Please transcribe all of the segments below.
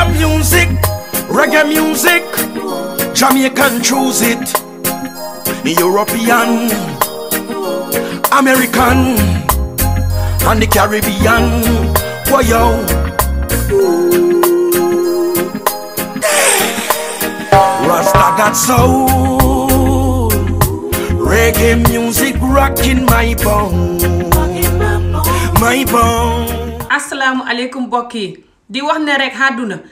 Ganja music, reggae music, Jamaican choose it, European, American, and the Caribbean. Why yo? Rasta got soul, reggae music rocking my bone, my bone. asalaamualeykum mbokk yi di wax ne rek àdduna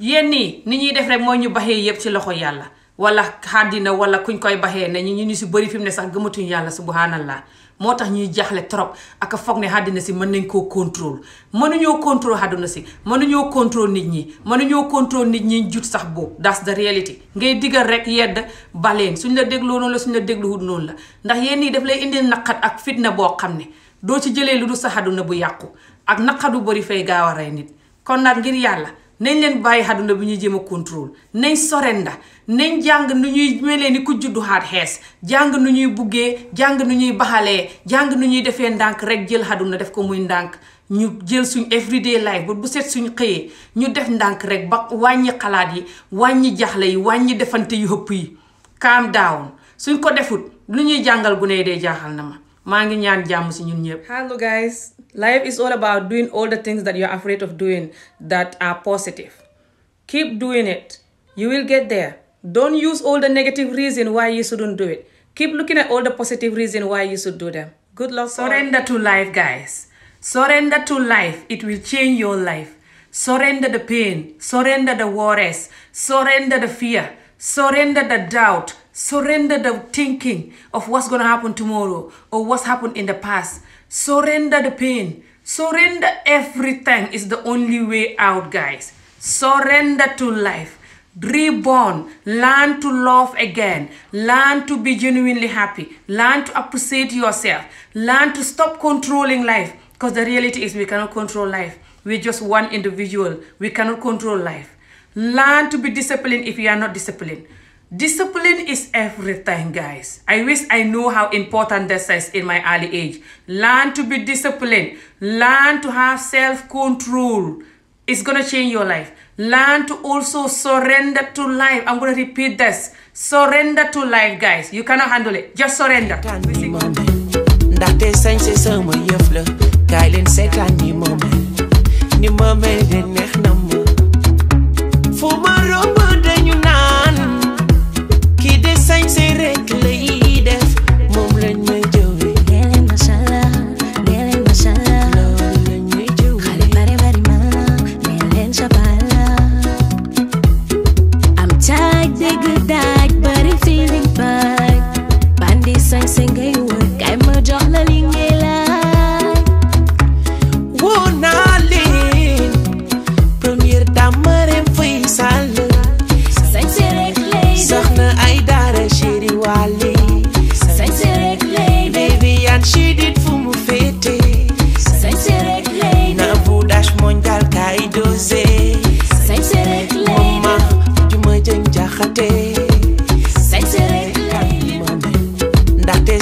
yéen nii ni ñuy def rek mooy ñu baxee yëpp ci loxo yàlla wala àddina wala kuñ koy baxee ne ñu ñu si bëri fi mu ne sax gëmatuñu yàlla subhanallah moo tax ñuy jaxle trop ak foog ne àddina si mën nañ koo contrôle mënuñoo contrôle àdduna si mënuñoo contrôle nit ñi mënuñoo contrôle nit ñi jut sax boobu das the reality ngay diggal rek yedd baleen suñ la dégloo noonu la suñ la dégluwut noonu la ndax yéen nii daf lay indil naqat ak fitna boo xam ne doo ci jëlee lu du sa àdduna bu yàqu ak naqat bu bëri gaaw a rey nit kon nag ngir yàlla nañ leen bàyyi àdduna bi ñuy jéem a contrôle nañ sorenda nañ jàng nu ñuy mel ni ku juddu xaat xees jàng nu ñuy buggee jàng nu ñuy baxalee jàng nu ñuy defee ndànk rek jël àdduna def ko muy ndànk ñu jël suñ everyday life ba bu set suñu xëyee ñu def ndànk rek ba wàññi xalaat yi wàññi jaxle yi wàññi defante yu hëpp yi calm down suñ ko defut lu ñuy jàngal gune yi dee jaaxal na ma maa ngi ñaan jàmm si ñun ñëpp. hello guys life is all about doing all the things that you are afraid of doing that are positive keep doing it you will get there don't use all the negative reason why you shouldn't do it keep looking at all the positive reason why you should do them good luck. surrender to life guys surrender to life it will change your life surrender the pain surrender the worries surrender the fear. surrender the doubt, surrender the thinking of what's going to happen tomorrow or what's happened in the past. Surrender the pain. Surrender everything is the only way out, guys. Surrender to life. Reborn. Learn to love again. Learn to be genuinely happy. Learn to appreciate yourself. Learn to stop controlling life because the reality is we cannot control life. We're just one individual. We cannot control life. Learn to be disciplined if you are not disciplined. Discipline is everything, guys. I wish I knew how important this is in my early age. Learn to be disciplined. Learn to have self-control. It's going to change your life. Learn to also surrender to life. I'm going to repeat this. Surrender to life, guys. You cannot handle it. Just surrender.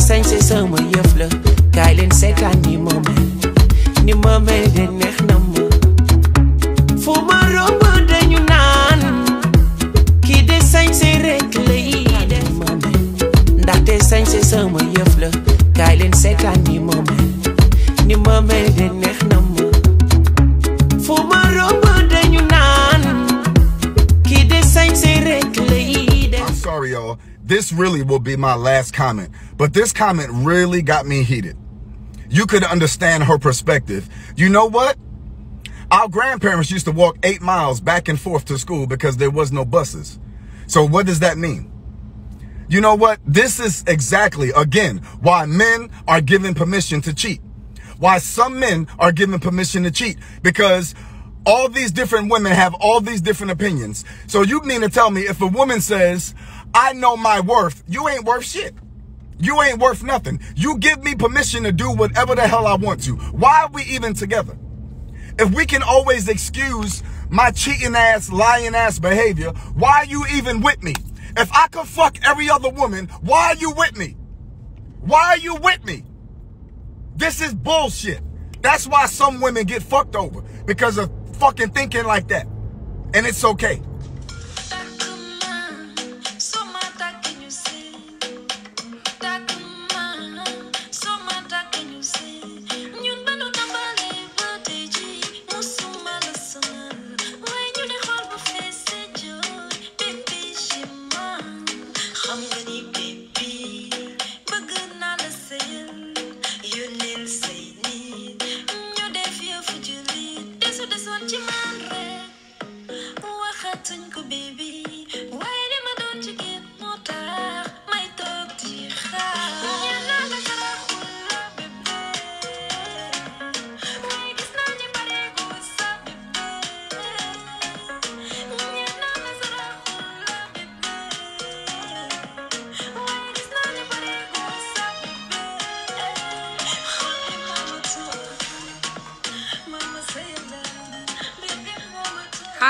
sañse sama yëf la kay leen seetaan ni ma mel ni ma mel de neex na ma fu ma romb dañu naan kii de sañse rek lay def ma mel ndaxte sañse sama yëf la kaay leen seetaan ni ma mel ni ma mel de this really will be my last comment, but this comment really got me heated. You could understand her perspective. You know what? Our grandparents used to walk eight miles back and forth to school because there was no buses. So what does that mean? You know what? This is exactly, again, why men are given permission to cheat. Why some men are given permission to cheat. Because all these different women have all these different opinions. So you mean to tell me if a woman says, I know my worth, you ain't worth shit. You ain't worth nothing. You give me permission to do whatever the hell I want to. Why we even together? If we can always excuse my cheating ass, lying ass behavior, why you even with me? If I could fuck every other woman, why you with me? Why you with me? This is bullshit. That's why some women get fucked over because of fucking thinking like that. And it's okay.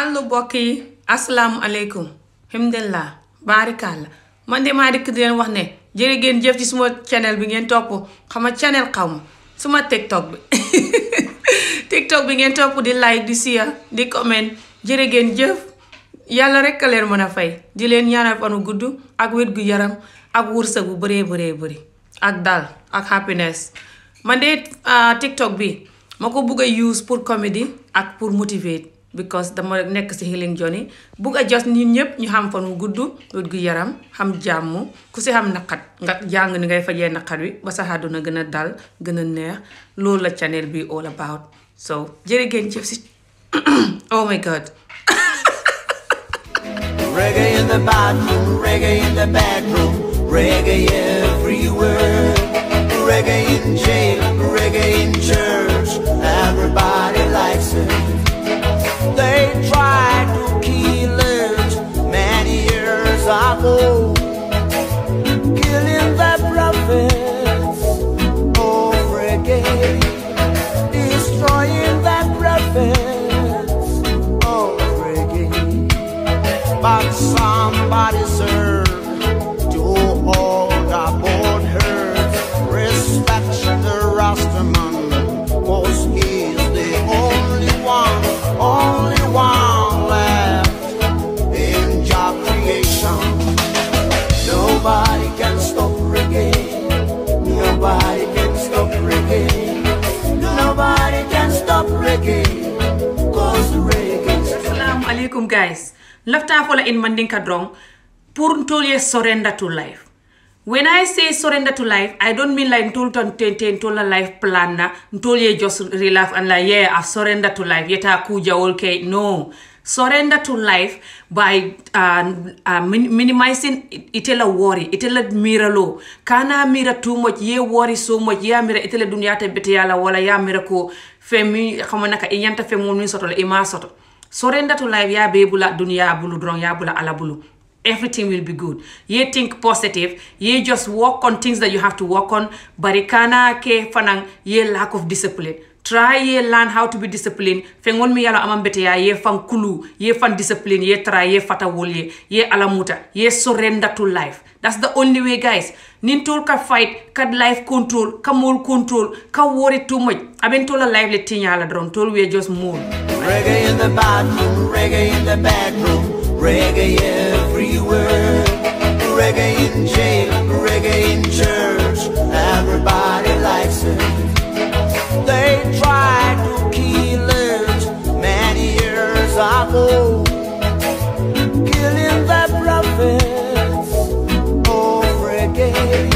allo bokk yi asalaamualeykum alhamdulilah barikàlla man de maa dikk di wax ne jërë ngeen jëf ci suma channel bi ngeen topp xam nga channel xaw ma suma tiktok bi tiktok bi ngeen topp di like di share di comment jërë ngeen jëf yàlla rek leen mën a fay di leen ñaanal fanu gudd ak wér gu yaram ak wursa bu bëree bëree bëri ak dal ak happiness man de ah, tiktok bi ma ko bugg a use pour comédie ak pour motiver. because dama nekk ci healing journey bugg a jos ñun ñëpp ñu xam fan wu gudd wér gu yaram xam jàmm ku si xam naqat nga mm. jàng ni ngay fajee naqat wi ba sa àdduna gën a dal gën a neex loolu la channel bi all about so jërë ngeen jëf oh my god but somebody serve to all the born herds. the Rastaman, cause he's the only one, only one left in job creation. Nobody can stop reggae, nobody can stop reggae, nobody can stop reggae, alaikum guys. laftafola en mandinka dron pour ntolye surrender to life when i say surrender to life i don't mean like ntol ton tente ntola life plan na ntolye just relax and like yeah i've surrender to life yeta kujawol ke no surrender to life by uh, uh, minimizing worry itela mira lo kana mira too much ye worry so much ya mira itela dunia ta bete yala wala ya mira ko femi xamana ka inyanta e femi mun soto la ima e soto So render to life, ya bebula dunya bulu drong ya bula alabulu. Everything will be good. You think positive. You just work on things that you have to work on. Barikana ke fanang ye lack of discipline. Try ye learn how to be disciplined. Fengon mi yalo amambete ya ye fan kulu, ye fan discipline, ye try ye fata wolye, ye alamuta, ye surrender to life. That's the only way, guys. Nintol ka fight, ka life control, ka mole control, ka worry too much. a life le tinya la drum, told we Reggae in the bathroom, reggae in the bedroom, reggae everywhere. Reggae in jail, reggae in church, everybody likes it. They tried to kill it many years ago, killing the prophets of reggae.